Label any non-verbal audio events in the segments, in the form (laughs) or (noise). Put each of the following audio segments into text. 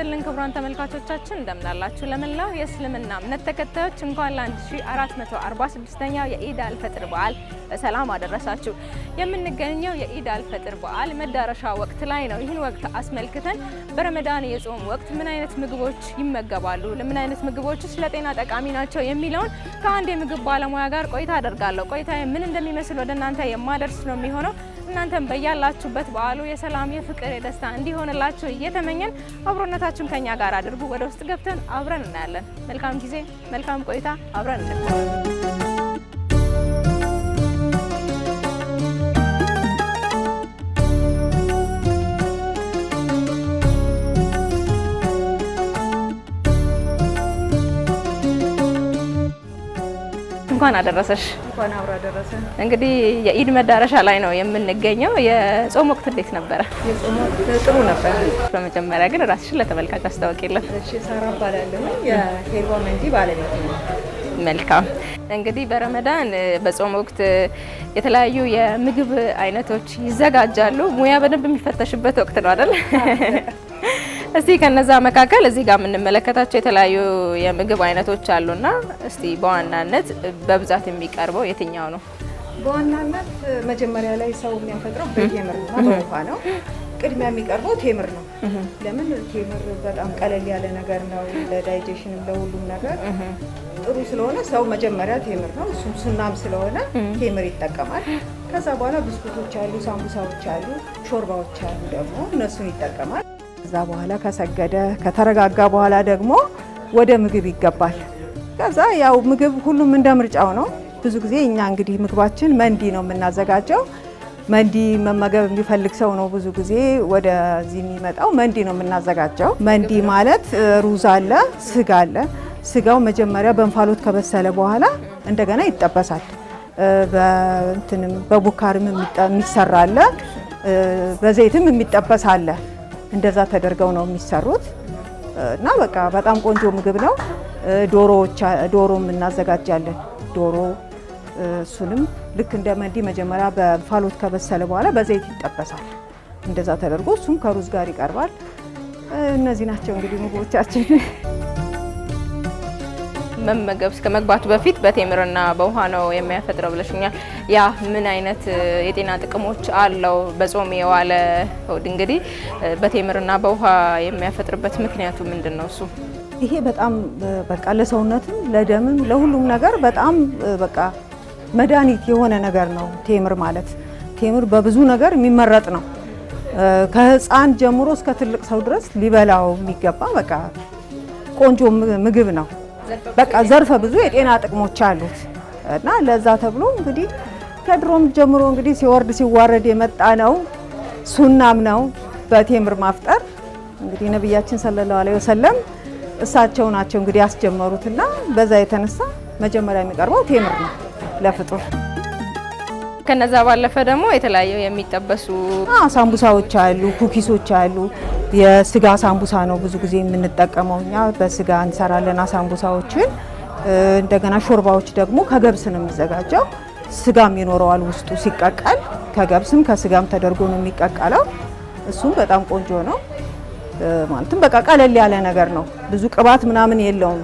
ይስጥልን ክቡራን ተመልካቾቻችን እንደምናላችሁ። ለመላው የእስልምና እምነት ተከታዮች እንኳን ለ1446ኛው የኢድ አልፈጥር በዓል በሰላም አደረሳችሁ። የምንገኘው የኢድ አልፈጥር በዓል መዳረሻ ወቅት ላይ ነው። ይህን ወቅት አስመልክተን በረመዳን የጾም ወቅት ምን አይነት ምግቦች ይመገባሉ፣ ለምን አይነት ምግቦችስ ለጤና ጠቃሚ ናቸው የሚለውን ከአንድ የምግብ ባለሙያ ጋር ቆይታ አደርጋለሁ። ቆይታ ምን እንደሚመስል ወደ እናንተ የማደርስ ነው የሚሆነው እናንተም በያላችሁበት በዓሉ የሰላም የፍቅር፣ የደስታ እንዲሆንላችሁ እየተመኘን አብሮነታችሁን ከኛ ጋር አድርጉ። ወደ ውስጥ ገብተን አብረን እናያለን። መልካም ጊዜ፣ መልካም ቆይታ። አብረን እንደ እንኳን አደረሰሽ። እንኳን አብሮ አደረሰ። እንግዲህ የኢድ መዳረሻ ላይ ነው የምንገኘው። የጾም ወቅት እንዴት ነበረ? የጾም ወቅት ጥሩ ነበር። በመጀመሪያ ግን ራስሽን ለተመልካች አስታውቂልን። እሺ፣ ሳራ እባላለሁ የሄርቦ መንዲ ባለቤት ነው። መልካም እንግዲህ በረመዳን በጾም ወቅት የተለያዩ የምግብ አይነቶች ይዘጋጃሉ። ሙያ በደንብ የሚፈተሽበት ወቅት ነው አይደል? እስቲ ከነዛ መካከል እዚህ ጋር የምንመለከታቸው የተለያዩ የምግብ አይነቶች አሉና እስቲ በዋናነት በብዛት የሚቀርበው የትኛው ነው? በዋናነት መጀመሪያ ላይ ሰው የሚያፈጥረው በቴምር ነው፣ ውሃ ነው። ቅድሚያ የሚቀርበው ቴምር ነው። ለምን ቴምር በጣም ቀለል ያለ ነገር ነው፣ ለዳይጀሽንም ለሁሉም ነገር ጥሩ ስለሆነ ሰው መጀመሪያ ቴምር ነው። እሱም ሱናም ስለሆነ ቴምር ይጠቀማል። ከዛ በኋላ ብስኩቶች አሉ፣ ሳምቡሳዎች አሉ፣ ሾርባዎች አሉ ደግሞ እነሱን ይጠቀማል። ከዛ በኋላ ከሰገደ ከተረጋጋ በኋላ ደግሞ ወደ ምግብ ይገባል። ከዛ ያው ምግብ ሁሉም እንደ ምርጫው ነው። ብዙ ጊዜ እኛ እንግዲህ ምግባችን መንዲ ነው የምናዘጋጀው። መንዲ መመገብ የሚፈልግ ሰው ነው ብዙ ጊዜ ወደዚህ የሚመጣው። መንዲ ነው የምናዘጋጀው። መንዲ ማለት ሩዝ አለ፣ ስጋ አለ። ስጋው መጀመሪያ በእንፋሎት ከበሰለ በኋላ እንደገና ይጠበሳል። በቡካርም የሚሰራ አለ፣ በዘይትም የሚጠበስ አለ። እንደዛ ተደርገው ነው የሚሰሩት እና በቃ በጣም ቆንጆ ምግብ ነው። ዶሮም እናዘጋጃለን። ዶሮ እሱንም ልክ እንደ መንዲ መጀመሪያ በእንፋሎት ከበሰለ በኋላ በዘይት ይጠበሳል። እንደዛ ተደርጎ እሱም ከሩዝ ጋር ይቀርባል። እነዚህ ናቸው እንግዲህ ምግቦቻችን። መመገብ እስከ መግባቱ በፊት በቴምርና በውሃ ነው የሚያፈጥረው ብለሽኛል። ያ ምን አይነት የጤና ጥቅሞች አለው? በጾም የዋለ ሆድ እንግዲህ በቴምርና በውሃ የሚያፈጥርበት ምክንያቱ ምንድን ነው? እሱ ይሄ በጣም በቃ ለሰውነትም ለደምም ለሁሉም ነገር በጣም በቃ መድኃኒት የሆነ ነገር ነው ቴምር ማለት። ቴምር በብዙ ነገር የሚመረጥ ነው። ከህፃን ጀምሮ እስከ ትልቅ ሰው ድረስ ሊበላው የሚገባ በቃ ቆንጆ ምግብ ነው። በቃ ዘርፈ ብዙ የጤና ጥቅሞች አሉት እና ለዛ ተብሎ እንግዲህ ከድሮም ጀምሮ እንግዲህ ሲወርድ ሲዋረድ የመጣ ነው። ሱናም ነው በቴምር ማፍጠር እንግዲህ ነቢያችን ሰለላሁ ዐለይሂ ወሰለም እሳቸው ናቸው እንግዲህ ያስጀመሩትና በዛ የተነሳ መጀመሪያ የሚቀርበው ቴምር ነው ለፍጡር። ከነዛ ባለፈ ደግሞ የተለያዩ የሚጠበሱ ሳምቡሳዎች አሉ፣ ኩኪሶች አሉ። የስጋ ሳምቡሳ ነው ብዙ ጊዜ የምንጠቀመው እኛ በስጋ እንሰራለን ሳምቡሳዎችን። እንደገና ሾርባዎች ደግሞ ከገብስ ነው የሚዘጋጀው። ስጋም ይኖረዋል ውስጡ ሲቀቀል፣ ከገብስም ከስጋም ተደርጎ ነው የሚቀቀለው። እሱም በጣም ቆንጆ ነው። ማለትም በቃ ቀለል ያለ ነገር ነው። ብዙ ቅባት ምናምን የለውም።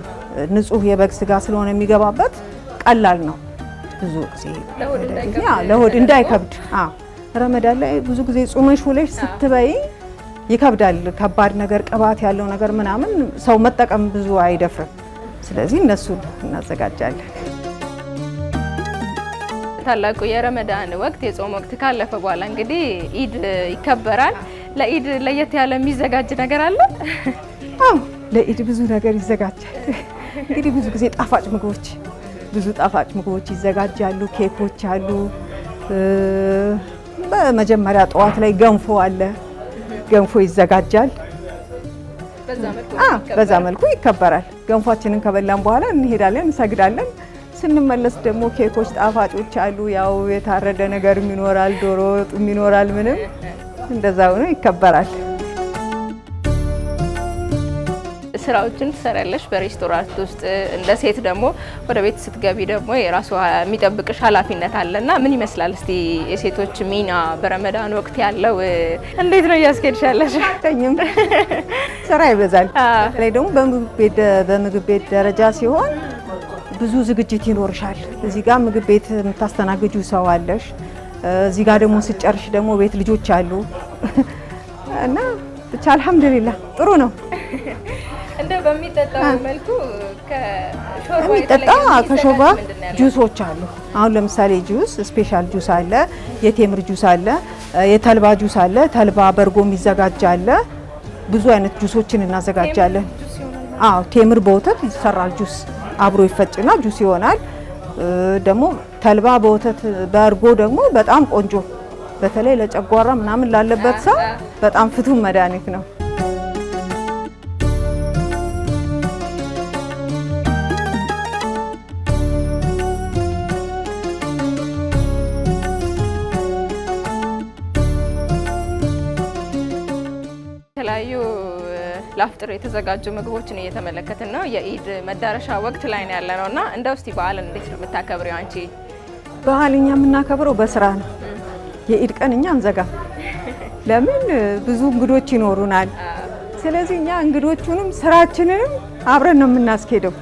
ንጹህ የበግ ስጋ ስለሆነ የሚገባበት ቀላል ነው። ብዙ ጊዜ ለሆድ እንዳይከብድ ረመዳን ላይ ብዙ ጊዜ ጾመሽ ውለሽ ስትበይ ይከብዳል። ከባድ ነገር ቅባት ያለው ነገር ምናምን ሰው መጠቀም ብዙ አይደፍርም። ስለዚህ እነሱን እናዘጋጃለን። ታላቁ የረመዳን ወቅት የጾም ወቅት ካለፈ በኋላ እንግዲህ ኢድ ይከበራል። ለኢድ ለየት ያለ የሚዘጋጅ ነገር አለ? አዎ ለኢድ ብዙ ነገር ይዘጋጃል። እንግዲህ ብዙ ጊዜ ጣፋጭ ምግቦች ብዙ ጣፋጭ ምግቦች ይዘጋጃሉ። ኬኮች አሉ። በመጀመሪያ ጠዋት ላይ ገንፎ አለ። ገንፎ ይዘጋጃል። በዛ መልኩ ይከበራል። ገንፏችንን ከበላን በኋላ እንሄዳለን፣ እንሰግዳለን። ስንመለስ ደግሞ ኬኮች፣ ጣፋጮች አሉ። ያው የታረደ ነገር ይኖራል፣ ዶሮ ወጥ ይኖራል። ምንም እንደዛ ሆኖ ይከበራል። ስራዎችን ትሰራለሽ በሬስቶራንት ውስጥ። እንደ ሴት ደግሞ ወደ ቤት ስትገቢ ደግሞ የራሱ የሚጠብቅሽ ኃላፊነት አለ እና ምን ይመስላል እስቲ የሴቶች ሚና በረመዳን ወቅት ያለው እንዴት ነው እያስኬድሻለሽ ተኝም ስራ ይበዛል። በተለይ ደግሞ በምግብ ቤት ደረጃ ሲሆን ብዙ ዝግጅት ይኖርሻል። እዚህ ጋር ምግብ ቤት የምታስተናግጁ ሰው አለሽ። እዚህ ጋር ደግሞ ስጨርሽ ደግሞ ቤት ልጆች አሉ እና ብቻ አልሐምዱሊላህ ጥሩ ነው። የሚጠጣ ከሾርባ ጁሶች አሉ። አሁን ለምሳሌ ጁስ ስፔሻል ጁስ አለ፣ የቴምር ጁስ አለ፣ የተልባ ጁስ አለ፣ ተልባ በርጎ የሚዘጋጅ አለ። ብዙ አይነት ጁሶችን እናዘጋጃለን። አዎ ቴምር በወተት ይሰራል ጁስ አብሮ ይፈጭና ጁስ ይሆናል። ደግሞ ተልባ በወተት በእርጎ ደግሞ በጣም ቆንጆ፣ በተለይ ለጨጓራ ምናምን ላለበት ሰው በጣም ፍቱን መድኃኒት ነው። ለአፍጥር የተዘጋጁ ምግቦችን እየተመለከትን ነው። የኢድ መዳረሻ ወቅት ላይ ነው ያለ እና እንደ እስቲ በዓልን እንዴት ነው የምታከብሪው አንቺ? በዓል እኛ የምናከብረው በስራ ነው። የኢድ ቀን እኛ አንዘጋ። (laughs) ለምን ብዙ እንግዶች ይኖሩናል። ስለዚህ እኛ እንግዶቹንም ስራችንንም አብረን ነው የምናስኬደው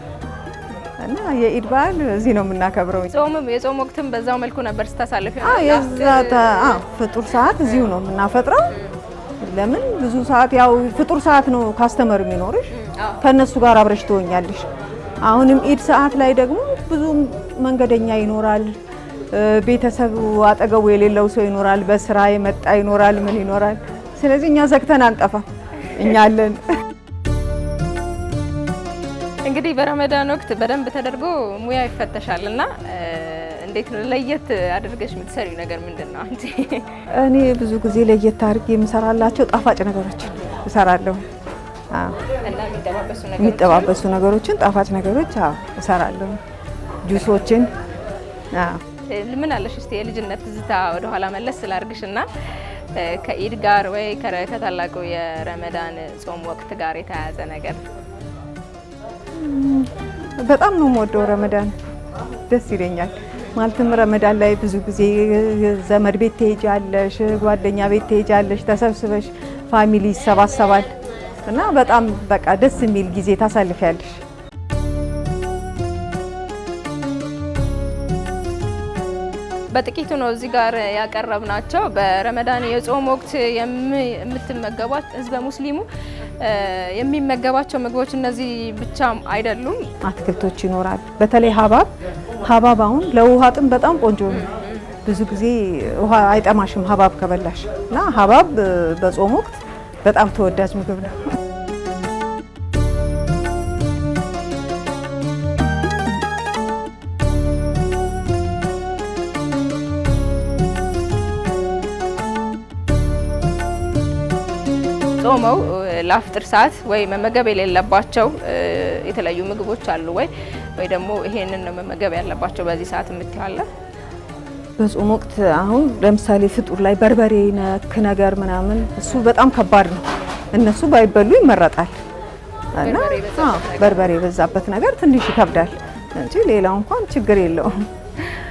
እና የኢድ በዓል እዚህ ነው የምናከብረው። ጾምም የጾም ወቅትም በዛው መልኩ ነበር ስታሳልፍ? ፍጡር ሰዓት እዚሁ ነው የምናፈጥረው ለምን ብዙ ሰዓት ያው ፍጡር ሰዓት ነው ካስተመር የሚኖርሽ ከእነሱ ጋር አብረሽ ትሆኛለሽ። አሁንም ኢድ ሰዓት ላይ ደግሞ ብዙ መንገደኛ ይኖራል፣ ቤተሰብ አጠገቡ የሌለው ሰው ይኖራል፣ በስራ የመጣ ይኖራል፣ ምን ይኖራል። ስለዚህ እኛ ዘግተን አንጠፋ፣ እኛ አለን። እንግዲህ በረመዳን ወቅት በደንብ ተደርጎ ሙያ ይፈተሻል እና እንዴት ነው ለየት አድርገሽ የምትሰሪው ነገር ምንድን ነው? አንቺ እኔ ብዙ ጊዜ ለየት አድርጌ የምሰራላቸው ጣፋጭ ነገሮችን እሰራለሁ የሚጠባበሱ ነገሮችን ጣፋጭ ነገሮች እሰራለሁ፣ ጁሶችን። ምን አለሽ እስቲ የልጅነት ትዝታ ወደኋላ መለስ ስላርግሽ እና ከኢድ ጋር ወይ ከታላቁ የረመዳን ጾም ወቅት ጋር የተያያዘ ነገር። በጣም ነው የምወደው ረመዳን፣ ደስ ይለኛል። ማለትም ረመዳን ላይ ብዙ ጊዜ ዘመድ ቤት ትሄጃለሽ፣ ጓደኛ ቤት ትሄጃለሽ፣ ተሰብስበሽ ፋሚሊ ይሰባሰባል እና በጣም በቃ ደስ የሚል ጊዜ ታሳልፊያለሽ። በጥቂቱ ነው እዚህ ጋር ናቸው። በረመዳን የጾም ወቅት የምትመገቧት ህዝበ ሙስሊሙ የሚመገባቸው ምግቦች እነዚህ ብቻ አይደሉም። አትክልቶች ይኖራል። በተለይ ሀባብ ሀባብ አሁን ለውሃ ጥም በጣም ቆንጆ ነው። ብዙ ጊዜ ውሃ አይጠማሽም ሀባብ ከበላሽ እና ሀባብ በጾም ወቅት በጣም ተወዳጅ ምግብ ነው። ጾመው ለአፍጥር ሰዓት ወይ መመገብ የሌለባቸው የተለያዩ ምግቦች አሉ ወይ ወይ ደግሞ ይሄንን ነው መመገብ ያለባቸው በዚህ ሰዓት የምትያለ በጾም ወቅት አሁን ለምሳሌ ፍጡር ላይ በርበሬ ነክ ነገር ምናምን እሱ በጣም ከባድ ነው። እነሱ ባይበሉ ይመረጣል እና በርበሬ የበዛበት ነገር ትንሽ ይከብዳል እንጂ ሌላው እንኳን ችግር የለውም።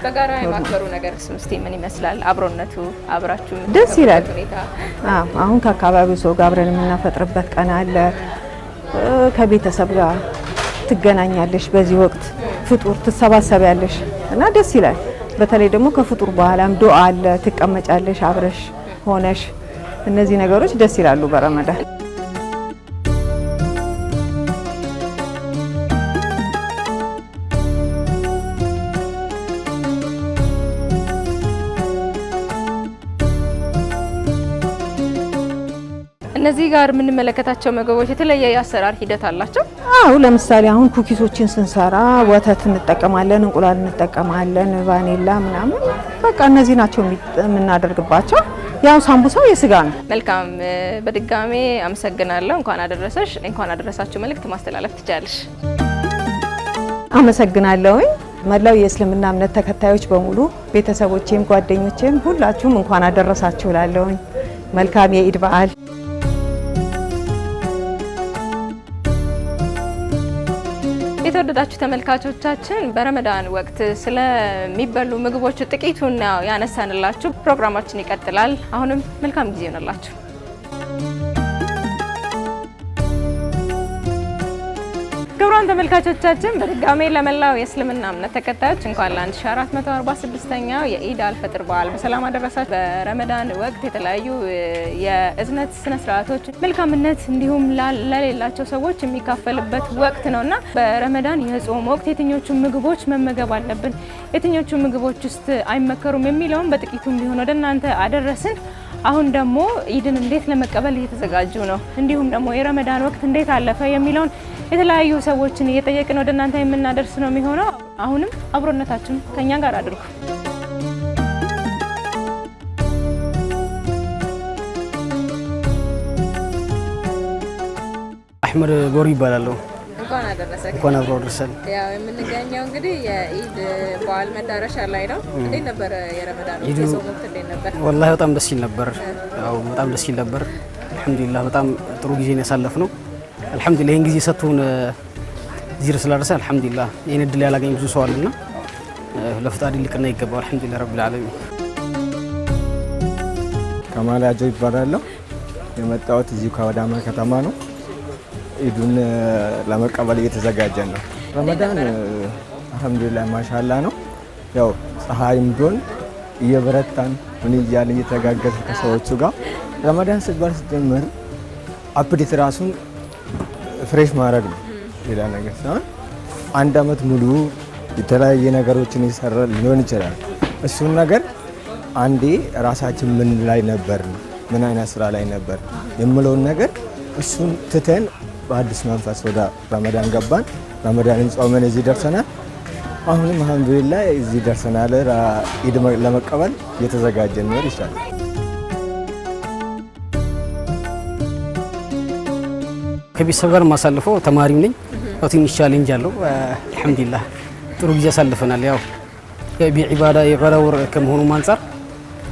በጋራ የማክበሩ ነገር እስኪ ምን ይመስላል? አብሮነቱ አብራችሁ ደስ ይላል። አሁን ከአካባቢው ሰው ጋር አብረን የምናፈጥርበት ቀን አለ። ከቤተሰብ ጋር ትገናኛለሽ። በዚህ ወቅት ፍጡር ትሰባሰቢያለሽ እና ደስ ይላል። በተለይ ደግሞ ከፍጡር በኋላም ዱአ አለ። ትቀመጫለሽ አብረሽ ሆነሽ እነዚህ ነገሮች ደስ ይላሉ በረመዳን ከዚህ ጋር የምንመለከታቸው ምግቦች የተለየ የአሰራር ሂደት አላቸው? አዎ፣ ለምሳሌ አሁን ኩኪሶችን ስንሰራ ወተት እንጠቀማለን፣ እንቁላል እንጠቀማለን፣ ቫኒላ ምናምን በቃ እነዚህ ናቸው የምናደርግባቸው። ያው ሳምቡሳው የስጋ ነው። መልካም፣ በድጋሜ አመሰግናለሁ። እንኳን አደረሰሽ፣ እንኳን አደረሳችሁ መልእክት ማስተላለፍ ትችላለሽ? አመሰግናለሁኝ። መላው የእስልምና እምነት ተከታዮች በሙሉ ቤተሰቦቼም ጓደኞቼም ሁላችሁም እንኳን አደረሳችሁ ላለሁኝ መልካም የኢድ በዓል የተወደዳችሁ ተመልካቾቻችን በረመዳን ወቅት ስለሚበሉ ምግቦች ጥቂቱን ያነሳንላችሁ። ፕሮግራማችን ይቀጥላል። አሁንም መልካም ጊዜ ይሆንላችሁ። ክቡራን ተመልካቾቻችን በድጋሜ ለመላው የእስልምና እምነት ተከታዮች እንኳን ለ1446ኛው የኢድ አልፈጥር በዓል በሰላም አደረሳችሁ። በረመዳን ወቅት የተለያዩ የእዝነት ስነስርዓቶች መልካምነት እንዲሁም ለሌላቸው ሰዎች የሚካፈልበት ወቅት እና በረመዳን የጾም ወቅት የትኞቹ ምግቦች መመገብ አለብን፣ የትኞቹ ምግቦች ውስጥ አይመከሩም የሚለውን በጥቂቱም ቢሆን ወደ እናንተ አደረስን። አሁን ደግሞ ኢድን እንዴት ለመቀበል እየተዘጋጁ ነው፣ እንዲሁም ደግሞ የረመዳን ወቅት እንዴት አለፈ የሚለውን የተለያዩ ሰዎችን እየጠየቅን ወደ እናንተ የምናደርስ ነው የሚሆነው። አሁንም አብሮነታችን ከእኛ ጋር አድርጉ። አሕመድ ቦሩ ይባላለሁ። እንኳን አደረሰ እንኳን አብሮ አደረሰን። ያው የምንገኘው እንግዲህ የኢድ በዓል መዳረሻ ላይ ነው። እንዴት ነበር የረመዳን የጾም ወቅት እንዴት ነበር? ወላሂ በጣም ደስ ይል ነበር። ያው በጣም ደስ ይል ነበር። አልሐምዱሊላህ በጣም ጥሩ ጊዜ ነው ያሳለፍነው። አልሐምዱሊላህ ይህን ጊዜ ሰጥቶን እዚህ ስላደረሰ አልሐምዱሊላህ። ይህን እድል ያላገኝ ብዙ ሰው አለና ለፍጣሪ ልቅና ይገባው። አልሐምዱሊላህ ረብል ዓለሚን። ከማል አጀብ ይባላለሁ። የመጣሁት እዚሁ ከአዳማ ከተማ ነው። ኢዱን ለመቀበል እየተዘጋጀን ነው። ረመዳን አልሐምዱሊላህ ማሻላ ነው። ያው ፀሐይም ቢሆን እየበረታን ምን እያለ እየተጋገዘ ከሰዎቹ ጋር ረመዳን ስትባል ስትጀምር አፕዴት ራሱን ፍሬሽ ማድረግ ነው፣ ሌላ ነገር ሳይሆን አንድ አመት ሙሉ የተለያየ ነገሮችን የሰራ ሊሆን ይችላል። እሱን ነገር አንዴ ራሳችን ምን ላይ ነበር፣ ምን አይነት ስራ ላይ ነበር የምለውን ነገር እሱን ትተን በአዲስ መንፈስ ወደ ረመዳን ገባን። ረመዳንን ጾመን እዚህ ደርሰናል። አሁንም አልሐምዱሊላህ እዚህ ደርሰናል። ኢድ ለመቀበል እየተዘጋጀን ነው ይሻላል። ከቤተሰብ ጋር የማሳልፈው ተማሪም ነኝ። ያው ትንሽ ቻሌንጅ አለው። አልሐምዱሊላህ ጥሩ ጊዜ አሳልፈናል። ያው ዒባዳ የዒባዳ ወር ከመሆኑ አንጻር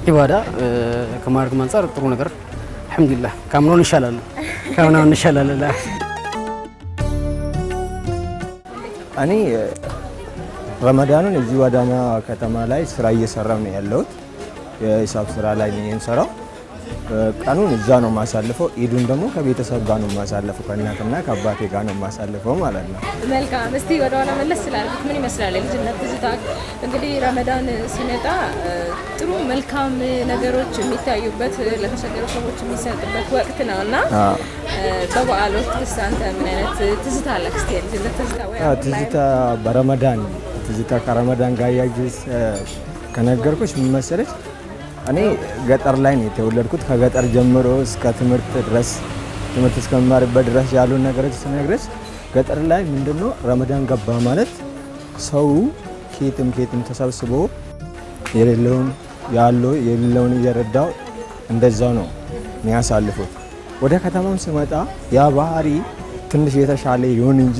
ዒባዳ ከማድረግ አንጻር ጥሩ ነገር አልሐምዱሊላህ። ካምኖ እንሻላል፣ ካምናው እንሻላል። እኔ ረመዳኑን እዚሁ አዳማ ከተማ ላይ ስራ እየሰራ ነው ያለሁት። የሂሳብ ስራ ላይ ነው የምሰራው ቀኑን እዛ ነው የማሳልፈው። ኢዱን ደግሞ ከቤተሰብ ጋር ነው የማሳልፈው፣ ከእናትና ከአባቴ ጋር ነው የማሳልፈው ማለት ነው። መልካም። እስቲ ወደኋላ መለስ ስላልኩት ምን ይመስላል የልጅነት ትዝታ? እንግዲህ ረመዳን ሲመጣ ጥሩ መልካም ነገሮች የሚታዩበት ለተቸገሩ ሰዎች የሚሰጥበት ወቅት ነው እና በበዓል ወቅት አንተ ምን አይነት ትዝታ አለ? እስኪ የልጅነት ትዝታ ትዝታ በረመዳን ትዝታ ከረመዳን ጋር ያጅስ ከነገርኩሽ ምን መሰለሽ እኔ ገጠር ላይ ነው የተወለድኩት። ከገጠር ጀምሮ እስከ ትምህርት ድረስ ትምህርት እስከምማርበት ድረስ ያሉን ነገሮች ስነግረች ገጠር ላይ ምንድነው ረመዳን ገባ ማለት ሰው ኬትም ኬትም ተሰብስቦ የሌለውን ያለው የሌለውን እየረዳው እንደዛ ነው የሚያሳልፉት። ወደ ከተማም ስመጣ ያ ባህሪ ትንሽ የተሻለ ይሁን እንጂ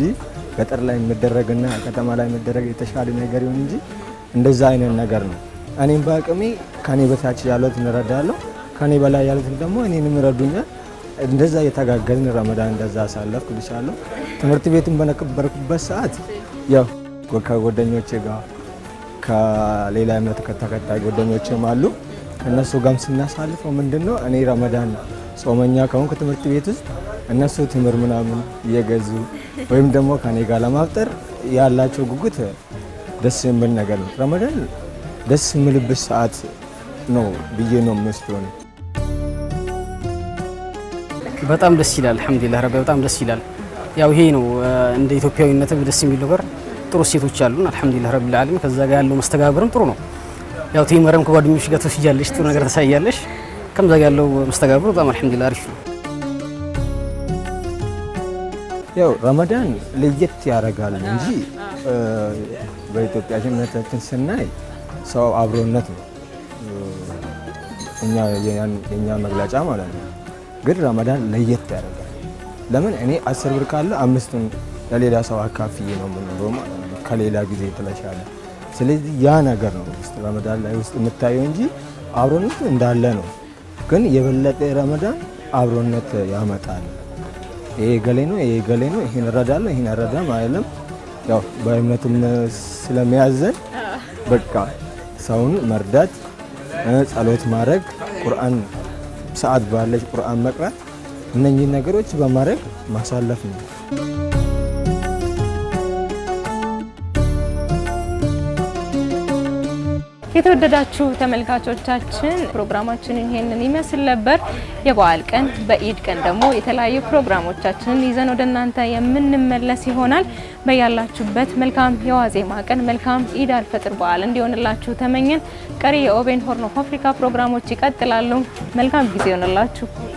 ገጠር ላይ የሚደረግና ከተማ ላይ የሚደረግ የተሻለ ነገር ይሁን እንጂ እንደዛ አይነት ነገር ነው። እኔም በአቅሜ ከኔ በታች ያሉት እንረዳለሁ ከኔ በላይ ያሉት ደግሞ እኔንም ይረዱኛል። እንደዛ እየተጋገዝን ረመዳን እንደዛ አሳለፍኩ ብቻለሁ። ትምህርት ቤቱን በነበርኩበት ሰዓት ያው ከጓደኞቼ ጋር ከሌላ እምነት ተከታይ ጓደኞችም አሉ። እነሱ ጋም ስናሳልፈው ምንድን ነው እኔ ረመዳን ጾመኛ ከሆንኩ ትምህርት ቤት ውስጥ እነሱ ትምር ምናምን እየገዙ ወይም ደግሞ ከኔ ጋር ለማፍጠር ያላቸው ጉጉት ደስ የሚል ነገር ነው ረመዳን ደስ የምልበት ሰዓት ነው ብዬ ነው የምወስደው። በጣም ደስ ይላል። አልሐምዱሊላህ ረቢ በጣም ደስ ይላል። ያው ይሄ ነው እንደ ኢትዮጵያዊነት ደስ የሚል ነገር ጥሩ ሴቶች አሉን። አልሐምዱሊላህ ረቢል ዓለሚን ከዛ ጋር ያለው መስተጋብርም ጥሩ ነው። ያው ቴመረም ከጓደኞች ጋር ተስጃለሽ፣ ጥሩ ነገር ተሳያለሽ። ከምዛ ጋር ያለው መስተጋብር በጣም አልሐምዱሊላህ አሪፍ ነው። ያው ረመዳን ለየት ያደርጋል እንጂ በኢትዮጵያ ጀምነታችን ስናይ ሰው አብሮነት ነው እኛ የእኛ መግለጫ ማለት ነው። ግን ረመዳን ለየት ያደርጋል። ለምን እኔ አስር ብር ካለ አምስቱን ለሌላ ሰው አካፍዬ ነው የምኖረው ማለት ነው፣ ከሌላ ጊዜ ትለሻለ። ስለዚህ ያ ነገር ነው ውስጥ ረመዳን ላይ ውስጥ የምታየው እንጂ አብሮነት እንዳለ ነው። ግን የበለጠ ረመዳን አብሮነት ያመጣል። ይሄ ገሌ ነው፣ ይሄ ገሌ ነው፣ ይሄን እረዳለሁ፣ ይሄን እረዳም አይለም። ያው በእምነትም ስለሚያዘን በቃ ሰውን መርዳት፣ ጸሎት ማድረግ፣ ቁርአን ሰዓት ባለች ቁርአን መቅራት፣ እነኚህ ነገሮች በማድረግ ማሳለፍ ነው። የተወደዳችሁ ተመልካቾቻችን ፕሮግራማችን ይሄንን ይመስል ነበር። የበዓል ቀን በኢድ ቀን ደግሞ የተለያዩ ፕሮግራሞቻችንን ይዘን ወደ እናንተ የምንመለስ ይሆናል። በያላችሁበት መልካም የዋዜማ ቀን፣ መልካም ኢድ አልፈጥር በዓል እንዲሆንላችሁ ተመኘን። ቀሪ የኦቤን ሆርን ኦፍ አፍሪካ ፕሮግራሞች ይቀጥላሉ። መልካም ጊዜ ይሆንላችሁ።